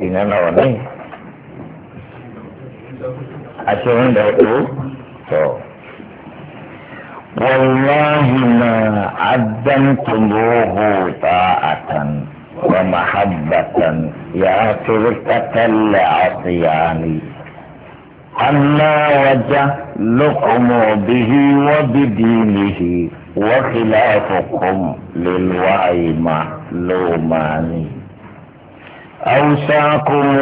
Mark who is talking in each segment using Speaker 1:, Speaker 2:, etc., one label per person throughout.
Speaker 1: ina nawa ne ashirin da hudu to والله ما عدمتموه طاعة ومحبة يا تركة لعصياني أما وجهلكم به وبدينه وخلافكم للوعي معلومان أوصاكم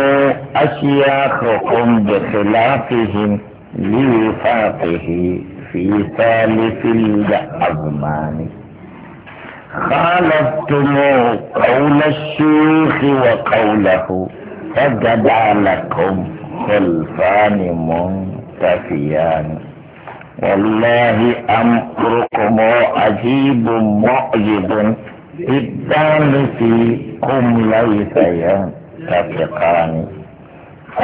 Speaker 1: أشياخكم بخلافهم لوفاقه في ثالث الأزمان خالفتم قول الشيوخ وقوله فجدع لكم خلفان منتفيان والله أمركم عجيب معجب ìdánisí kùmìláyé sàyà tàbí kàání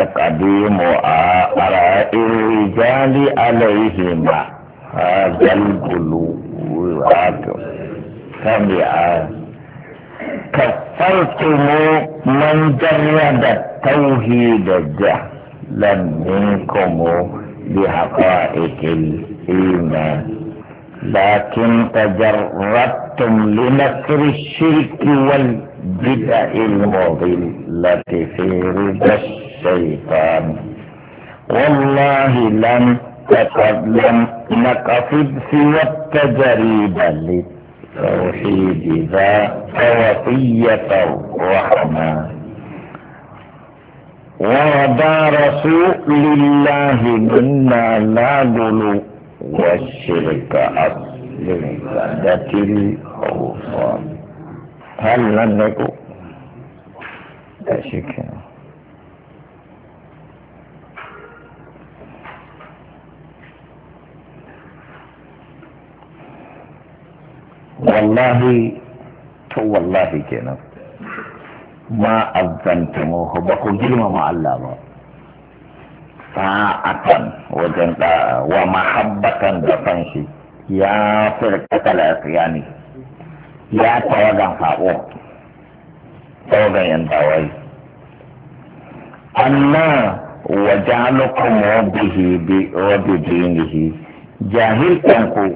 Speaker 1: àkàdé mọ àrà èrè jáde alẹ ìhè mà àjálùkùlù wù àtọ tàbí à kàfáìtì mọ mọ̀njáni àdà tàwùhì dàjà lànà ìkọ̀ mọ bí àkọ́ àkèkè ìmọ̀. لكن تجردتم لنكر الشرك والبدع المضلة في رضا الشيطان والله لم تقد لم نقصد سوى التجريب للتوحيد ذا وصية الرحمن ورضى رسول الله منا لا والشرك أصل عبادة الأوثان هل لدك شك والله تو والله كنا ما أذنتموه بقوا جلما مع الله sa'atan wajen da ah, wa mahabbatan da fanshi ya firkata lafiyani ya tawagan faɓo tawagan yan tawai amma wajen jalukum rabbihi bi rabbi dinihi jahiltanku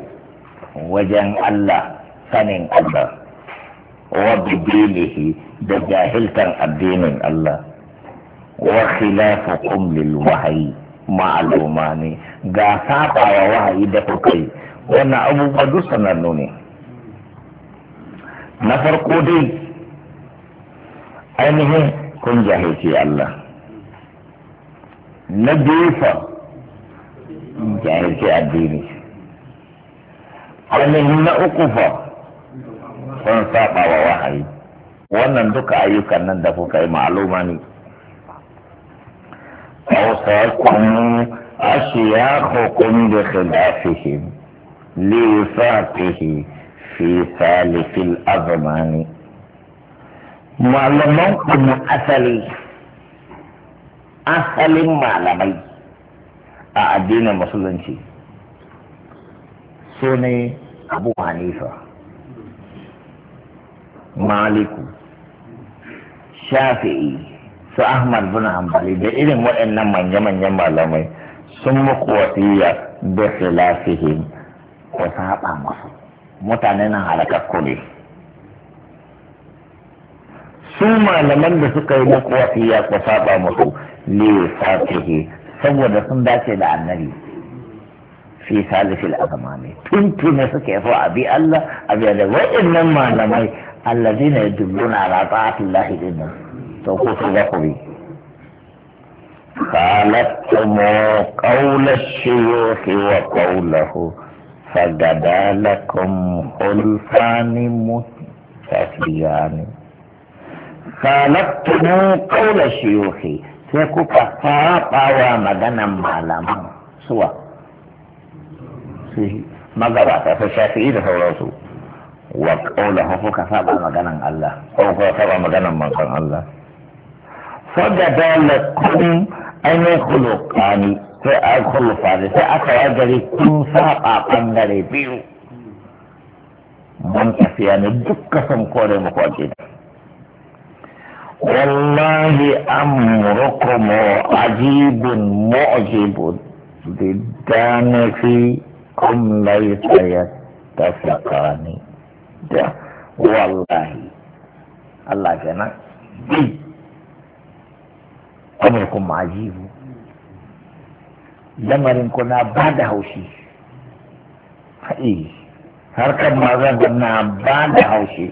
Speaker 1: wajen Allah sanin Allah rabbi dinihi da jahiltan addinin Allah Wa wahyi ma alumani ga wa wahyi da kai wannan abubuwa duk sanannu ne na farko dai ainihin kun jahilci Allah na dufa jahilci addini ainihin na uku fa kun wa wahayi wannan duka ayyukan nan da kuka yi ma'aluma ne أوصاكم أشياخكم بخلافه لوفاقه في ثالث الأزمان معلمكم أصلي أصل معلمي أدين مسلمتي سوني أبو حنيفة مالك شافعي su ahmad bin hanbali da irin waɗannan manya-manyan malamai sun muku wasiya da filafihim ko saba masu mutane nan halakakku kuli su malaman da suka yi muku wasiya ku saba musu lisafihi saboda sun dace da annabi fi salifil azmani tuntune suke so a bi Allah a bi da waɗannan malamai allazina yadulluna ala ta'atillahi dinnan sauko sun ga kuri kalatta mu kaula shiyo wa kaula hu fagada lakum hulfani mu tafiyani kalatta mu kaula shiyo sai kuka saba wa maganan malamu suwa magabata su shafi'i da sauransu wa kaula hu kuka saba maganan Allah ko kuka saba maganan manzon Allah kọjá bá lọ kọ́ni ẹni kọlọ kàní tẹ ẹ kọlọ fàdé tẹ akọ̀wé gari kún sábà pàngàrẹ bíu. Mọ̀n tafiya ni dukkan san kọ́ni mu kọ́ jẹ. Wàlláhi amúrúkọ mọ̀ ajíbùn mọ̀ ajíbùn di dáná fi kún láyé tayà tafiya kàní. Wàlláhi alájẹ náà bíi. أمركم عجيب لمرن كنا بعد هوشي حقيقي هركب ما زادنا بعد هوشي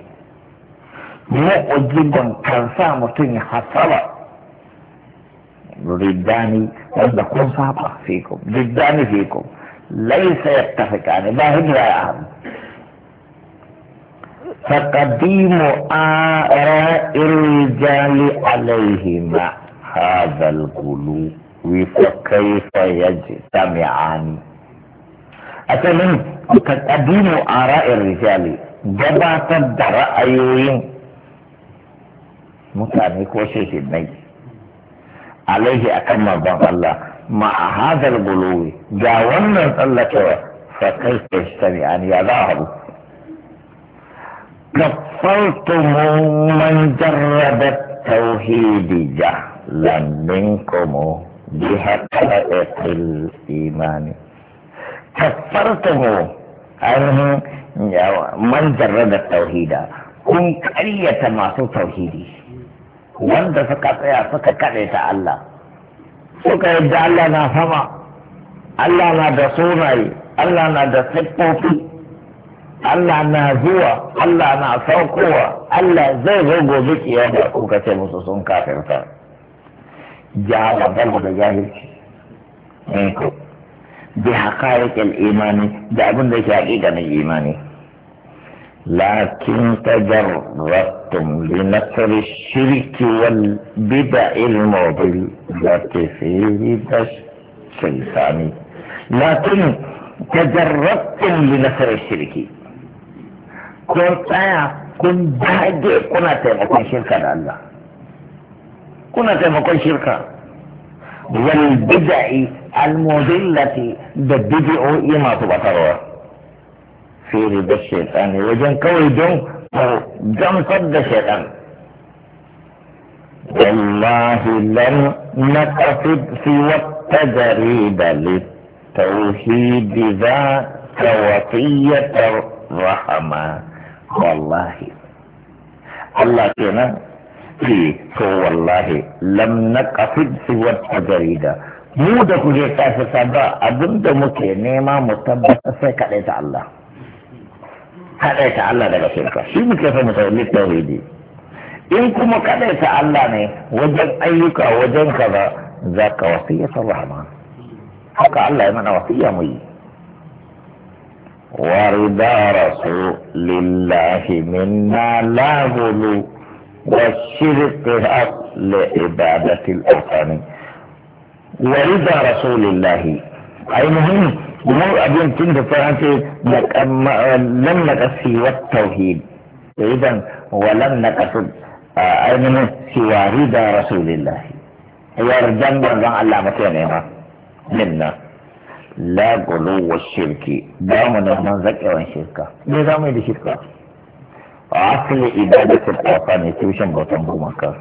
Speaker 1: مو أجيب من كرسا مطيني حصلا رداني وإذا كون صعبا فيكم رداني فيكم ليس يتفق عن ما هجرى يا أهم فقديم آراء الرجال عليهما هذا الغلو وكيف يجتمعان أتمنى تقديم آراء الرجال جبا تدرى أيوين مكاني كوشي جنيه عليه أكمل بان الله مع هذا الغلو جا ومن الله فكيف يجتمعان يا ذاهب كفلتم من جرب التوحيد جاه komo لمنكم بحقائق الإيمان كفرتم yawa man جرد التوحيد kun قرية masu tauhidi wanda suka tsaya suka kaɗe ta Allah suka yadda Allah na sama Allah na da sunaye Allah na da siffofi Allah na zuwa Allah na saukowa Allah zai zo gobe kiyama kuka ce musu sun kafirta جعل بلد جاهلتي منكم بحقائق الإيمان دعون لك حقيقة من الإيمان لكن تجردتم لنصر الشرك والبدع المضلة في الشيطان لكن تجردتم لنصر الشرك كنت كنت كن كنت كنت كنت كنت كنت كنت كنت kuna taimakon shirka wal bid'i al mudillati da bid'o'i masu batarwa fi ribar shaitan wajen kawai don gamsar da shaitan والله لم نقصد سوى التجريد للتوحيد ذاك وصية الرحمة والله الله كنا ce to wallahi lam na kafin siwar a jarida mu da kuje kafi saba abinda muke nema mu tabbata sai kaɗai ta Allah kaɗai ta Allah daga shirka shi muke so mu tsaye tauhidi in kuma kaɗai ta Allah ne wajen ayyuka wajen kaza za ka wasiyatar rahama haka Allah ya mana wasiya mu yi ورضا رسول الله منا لا غلو وشر القراء لعبادة الأوثان ورضا رسول الله أي مهم مو أبين تنت فرانسي لم نقص سوى التوحيد إذا ولم نقص أي مهم سوى رضا رسول الله يرجم برغم الله مكانها منا لا غلو الشرك دائما نحن ذكر الشركة نظام الشركة asali ibadatul afa ne tushen bautan gumaka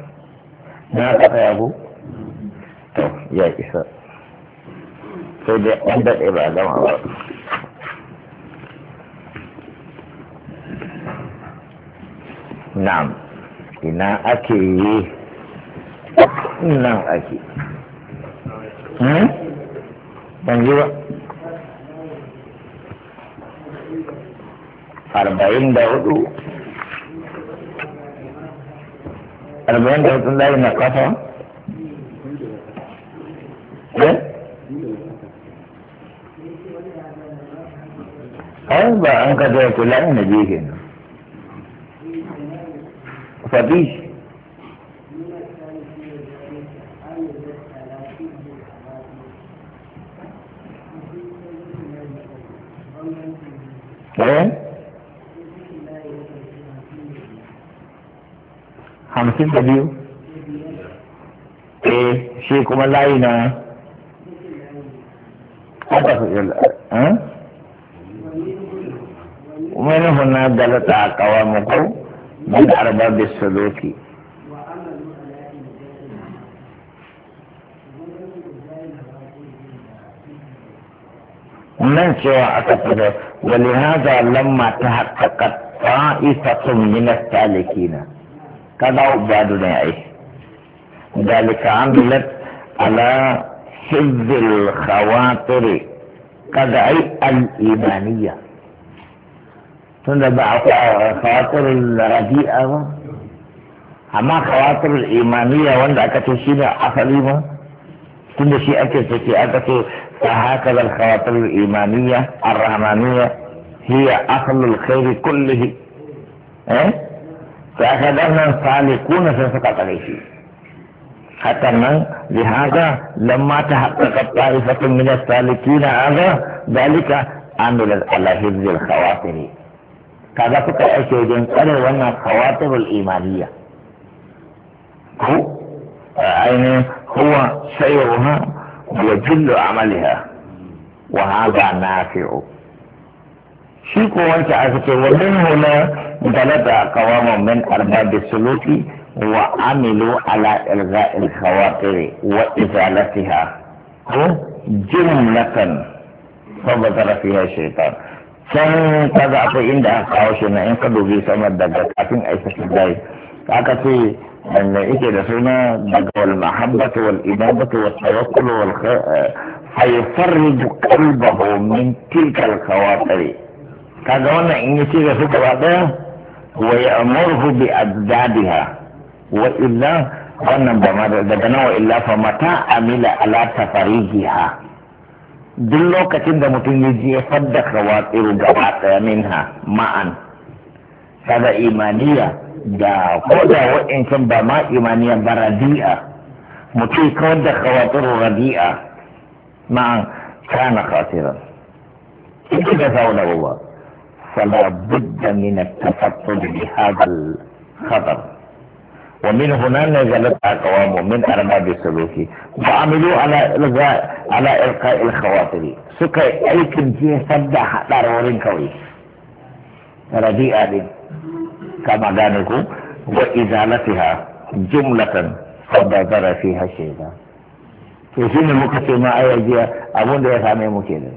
Speaker 1: na ka tsaya ko to ya isa sai dai an daɗe ba a gama ba nan ina ake yi nan ake hmm? ban yi ba arba'in da hudu arba'in da hudun layi na kafa eh? ai ba an ka zai kula na cikin da biyu eh shi kuma layi na haka su yi kuma yana hana galata a kawo muku ba da arba bai saloki nan cewa aka fi da walihaza lamma ta haƙaƙa ta'isa sun yi na stalikina كذا بعد نعي ذلك عملت على حفظ الخواطر كدعي الإيمانية تندبع خواطر الرديئة أما خواطر الإيمانية وأن أكتشين أصلي tunda shi ake ciki aka ce فهكذا الخواطر الإيمانية الرحمانية هي ar الخير كله ahlul إيه؟ فأخذنا سالكون فسقط عليه حتى لهذا لما تحققت طائفة من السالكين هذا ذلك عمل على حفظ الخواطر كذا فقط أشياء شيء وانا الخواطر الإيمانية هو يعني هو سيرها وجل عملها وهذا نافع shi ko wanke a suke wannan hula galata kawama min arba da suluki wa amilu ala ilga ilhawatiri wa izalatiha ko jimlatan sabatar fiye shaitan can ka za a inda aka kawo shi na in ka dubi sama daga kafin a yi sashi zai aka ce wanda yake da suna daga wal mahabbatu wal ibadatu wal tawakkul wal fayfarriju qalbahu min tilkal khawatiri kaga wannan in yace da su gaba daya wa ya'muru bi azdadiha wa illa wannan ba ma daga nan wa illa fa mata amila ala tafarijiha duk lokacin da mutum ya je fadda kawatsiru gaba daya minha ma'an kaga imaniya da ko da wa'incan ba ma imaniya ba radi'a mutum kawar da kawatsiru radi'a ma'an kana khasiran ita da sauna ba فلا بد من التفطن بهذا الخبر ومن هنا نزلت اقوام من ارباب السلوك وعملوا على الغاء على القاء الخواطر سكا اي كنتي سد حضارورين كوي رديئة دي كما قالوا وازالتها جملة فبادر فيها شيئا في shi المكتب ما ce ma a jiya abin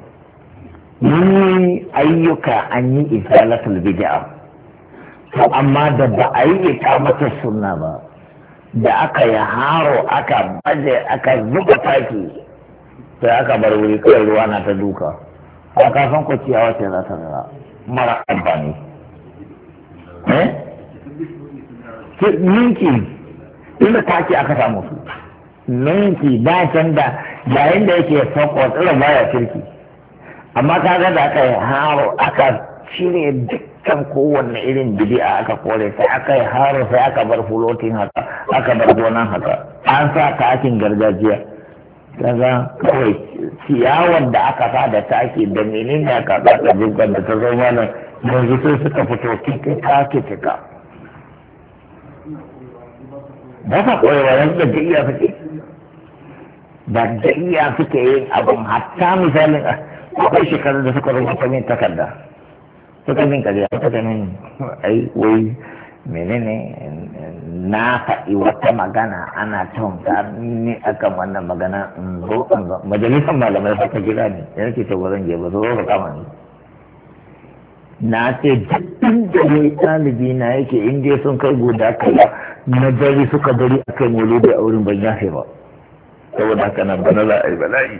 Speaker 1: yi ayyuka an yi izalatul bid'a to amma da ba a yi ikamata sunna ba da aka yi haro aka baje aka zuba taki sai aka bar wuri kawai ruwa na ta duka a kafin ku ciya wace za ta zara mara amfani eh ninki inda taki aka samu su ninki ba can da yayin da yake sauko tsira baya kirki amma ka ga da aka yi haro aka cire dukkan kowanne irin bidi'a aka kore sai aka yi haro sai aka bar fulotin haka aka bar gonan haka an sa takin gargajiya kaga kawai ciyawar da aka sa da taki da menene da aka sa ta dukkan da ta zo mana yanzu sai suka fito kika take tika ba sa wa yanzu da iya suke da iya suke yin abin hatta misalin akwai shekarun da suka rubuta min takarda suka min kaje suka ta min ai wai menene na faɗi wata magana ana tunta ni kan wannan magana in zo in zo majalisar malamai suka jira ni yana ce ta wurin je ba zo ba kama ni na ce duk da ne ɗalibi na yake in dai sun kai guda kaya na bari suka bari a kai maulidi a wurin ban yafe ba saboda haka nan ba na za a yi bala'i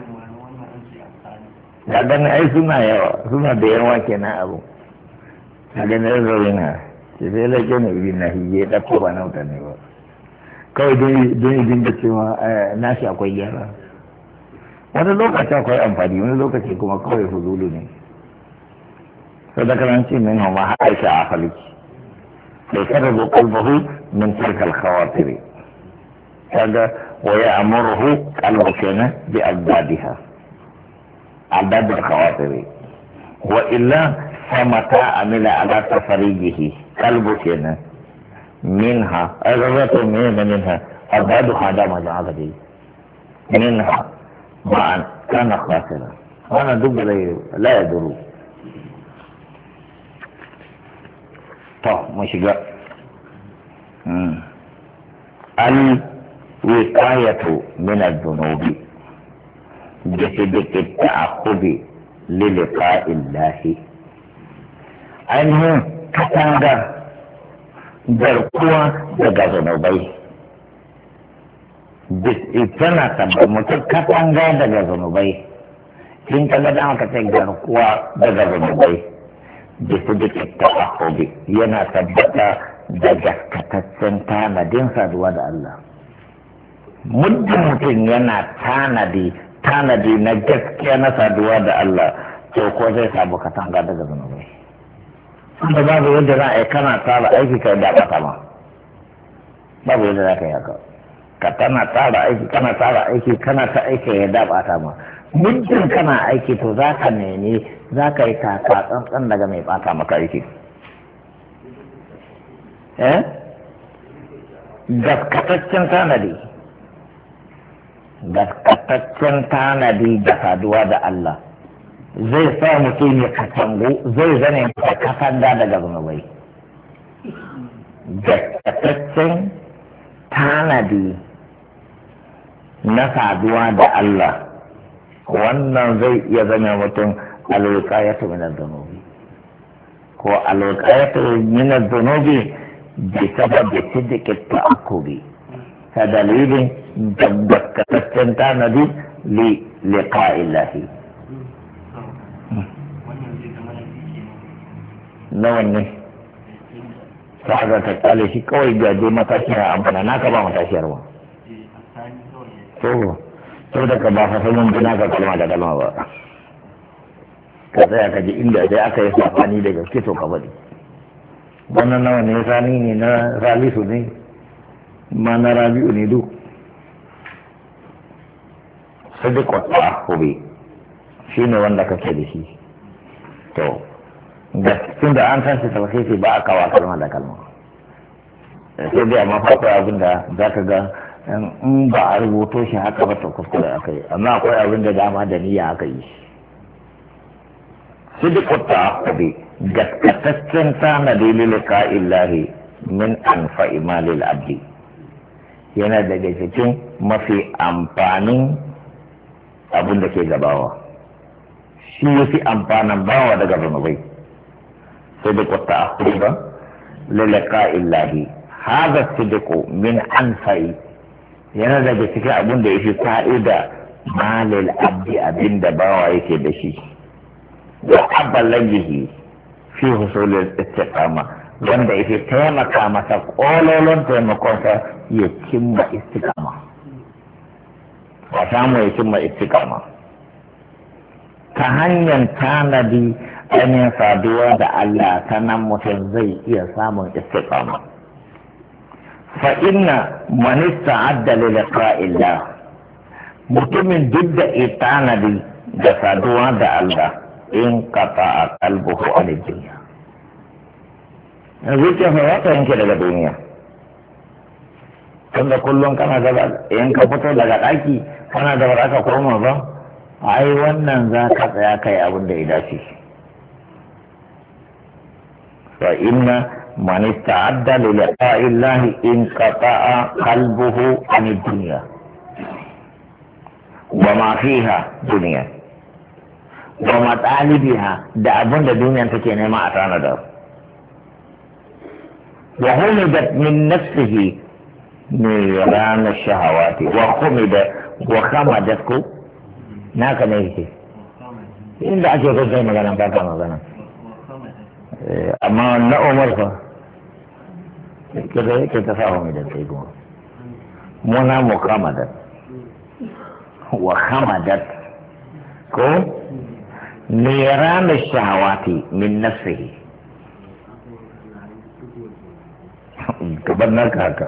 Speaker 1: ka gani ai suna yawa suna da yawa kenan abu ga gani rarrabe na ke sai lake ne ibi na hiye da ko ba nauta ne ba kawai don yi dinga cewa eh, na shi akwai gyara wani lokaci akwai amfani wani lokaci kuma kawai huzulu ne sadakaranci min homa haɗa shi a falki bai kada zo kalbahu min tarkal khawatiri kaga wa ya amurhu kenan bi abdadiha عدد الخواطر وإلا فمتى عمل على تفريجه قلب كنا منها أغرة من منها أبعد هذا ما جعل به منها معا كان خاسرا وأنا دب لا يدرو طب مش جاء الوقاية من الذنوب بصدق التعقب للقاء الله ainihin katangar garkuwa daga zanubai tana tabbar mutum katanga daga zanubai in ka gada aka ce garkuwa daga zanubai da su duka ta yana tabbata da gaskataccen tanadin saduwa da Allah muddin mutum yana tanadi tanadi na gaskiya na saduwa da Allah to ko zai samu katanga daga zunubai da babu yadda za a yi kana tara aiki kai da ba ma babu yadda za ka yi haka ka tana tara aiki kana tara aiki kana ta aiki ya da ta ma muddin kana aiki to za ka nemi za ka yi kaka tsantsan daga mai bata maka aiki eh gaskataccen tanadi gaskataccen tanadi da saduwa da Allah zai sa mutum ya katangu zai zane da daga zunubai gaskataccen tanadi na saduwa da Allah wannan zai iya zama mutum ya min na dhunubi ko alwiqayatu min adh da bi sababi sidqi ta'aqubi ta dalilin da tabbataccen tanadi li liqa'illahi nawa ne sa'ada ta kale shi kawai gaje matashi a amfana na naka ba matashiyar ba to da ka ba fasalin mun naka kalma da kalma ba ka tsaya ka ji inda sai aka yi safani da gaske to ka bari wannan nawa ne sani ne na ralisu ne ma na rabi'u ne duk sadiq ta'ahhubi shine wanda kake da shi to da tun da an san shi tawhidi ba a kawo kalma da kalma eh, sai dai amma fa akwai abin da zaka ga in ba a rubuto shi haka ba to kuskure aka yi amma akwai abin da dama da niyya aka yi sadiq ta na tanadi ka illahi min an fa'imalil abdi yana daga cikin mafi amfanin Abun da ke gabawa shi ya fi amfanin bawa daga zunubai sai da kwata a kuma lalaka illahi haza sidiku min anfai yana daga cikin abun da ya fi fa'ida malil abdi abin da bawa yake da shi da abalagihi fi husulul istiqama wanda yake taimaka masa kololon taimakonsa ya cimma istiqama a samu ya cimma istiqama ta hanyar tanadi ainihin saduwa da Allah ta nan mutum zai iya samun istiqama fa inna man ista'adda li liqa'illah mutumin duk da tanadi da saduwa da Allah in qata'a qalbuhu an dunya yanzu ke za wata yanke daga duniya tunda kullum kana gaba in ka fito daga daki kana da wadaka koma ba ai wannan za ka tsaya kai abin da ya dace fa inna man ista'adda li liqa'i llahi in qata'a qalbuhu an ad-dunya wa ma fiha dunya wa ma talibiha da abin da duniyan take nema a tanada wa humidat min nafsihi ne ranar shahawati wa humidat wa kama jasko naka ne yake inda ake so kai magana ba ka magana amma na umar fa kada yake ta sa wani da kai kuma muna mu kama da wa kama da ko niran shahawati min nafsihi kabar naka haka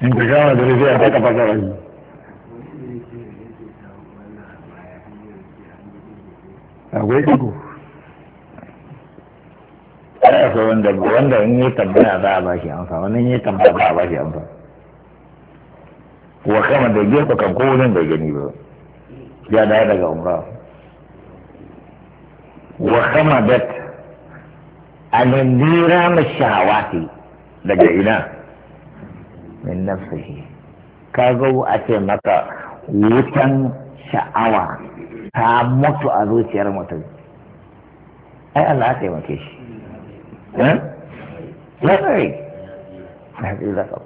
Speaker 1: in ka kama da rufiya ta kafa kawai akwai digo ai akwai wanda wanda in yi tambaya za a bashi amsa wannan yi tambaya za a bashi amsa wa kama da gefe kan ko wurin bai gani ba ya dawo daga umra wa kama da anandira mashawati daga ina min nafsihi kaga a ce maka wutan sha'awa ta mutu a zuciyar mutum ai Allah ya taimake shi eh? ya tsari na tsira ka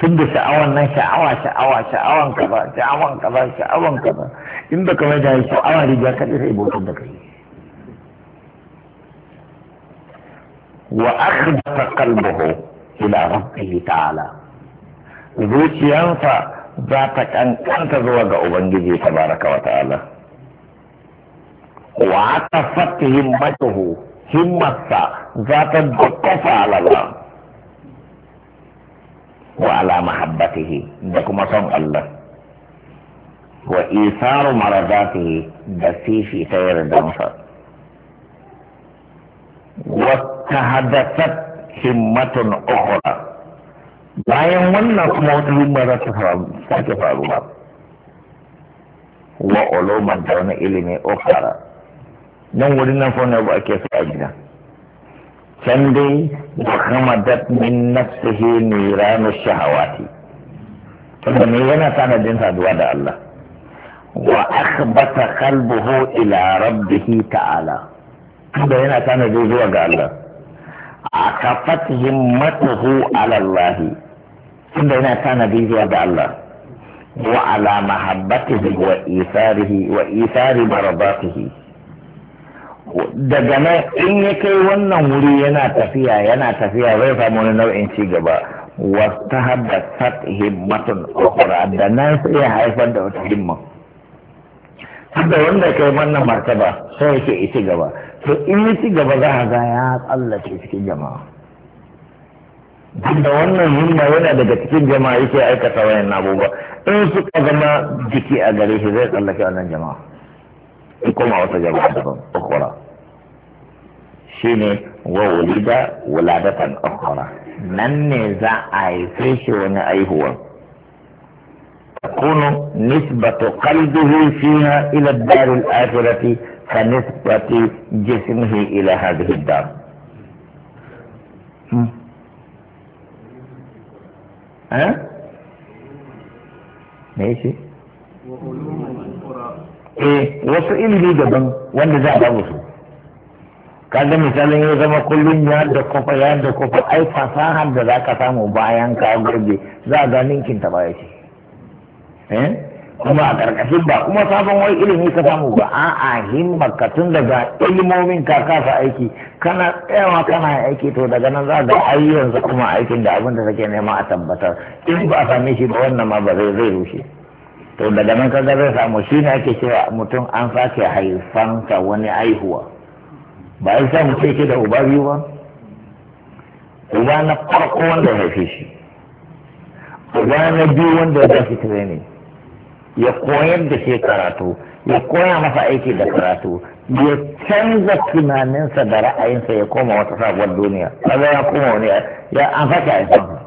Speaker 1: tun da sha'awan nan sha'awa sha'awa sha'awan kaza sha'awan ba sha'awan ba in baka mai da sha'awa riga ka sai bautar da kai wa akhdata qalbuhu ila rabbih ta'ala zuciyansa za ta kankanta zuwa ga ubangiji tabaraka wa ta'ala wa ta fata himmatuhu himmatsa za ta dukkafa alala wa ala mahabbatihi da kuma son Allah wa isaru maradatihi da fifi ta yardansa wa tahaddathat himmatun ukhra bayan wannan kuma wata himma za ta sake faruwa wa ulumar da wani ilimi ukhra nan wurin nan fa wani abu ake so a gida can dai wa min nafsihi niranu shahawati tunda me yana tanadin saduwa da Allah wa akhbata qalbuhu ila rabbihi ta'ala tunda yana tanadin zuwa ga Allah akafat himmatuhu ala Allah tunda yana tanadin zuwa ga Allah wa ala mahabbatihi wa isarihi wa isari maradatihi daga nan in ya kai wannan wuri yana tafiya yana tafiya zai samu wani nau'in ci gaba wata sat himmatun ukhra da nan sai ya haifar da wata himma
Speaker 2: da wanda kai wannan
Speaker 1: martaba sai yake isi gaba to in ya ci gaba za a ga ya tsallake cikin jama'a da wannan himma yana daga cikin jama'a yake aikata wayan abubuwa in suka zama jiki a gare shi zai tsallake wannan jama'a in koma wata jama'a daban ukhra shine wa wulida wuladatan ukhra nan ne za a haife shi wani aihuwa takunu nisbatu qalbihi fiha ila ad al-akhirati ka nisbati jismihi ila hadhihi ad-dar ها؟ ماشي ايه wasu ilimi daban wanda za a ba musu kaga misalin ya zama kullum ya da kofa ya da kofa ai fasahar da za ka samu bayan ka gurbe za a ga ninkin ta baya ce eh? kuma a ƙarƙashin ba kuma sabon wai ilimi ka samu ba a'a himmar ka tun daga ilimomin ka kasa aiki kana tsayawa kana aiki to daga nan za ga ayyukan kuma aikin da abin da take nema a tabbatar in ba a same shi ba wannan ma ba zai zai rushe to daga nan kaga zai samu shi ne ake cewa mutum an sake haifanka wani aihuwa ba ya sa mutum keke da uba biyu ba uba na farko wanda ya haife shi uba na biyu wanda ya shi ne ya koyar da shi karatu ya koya masa aiki da karatu ya canza tunaninsa da ra'ayinsa ya koma wata sabuwar duniya kaga ya koma wani ya an sake aikin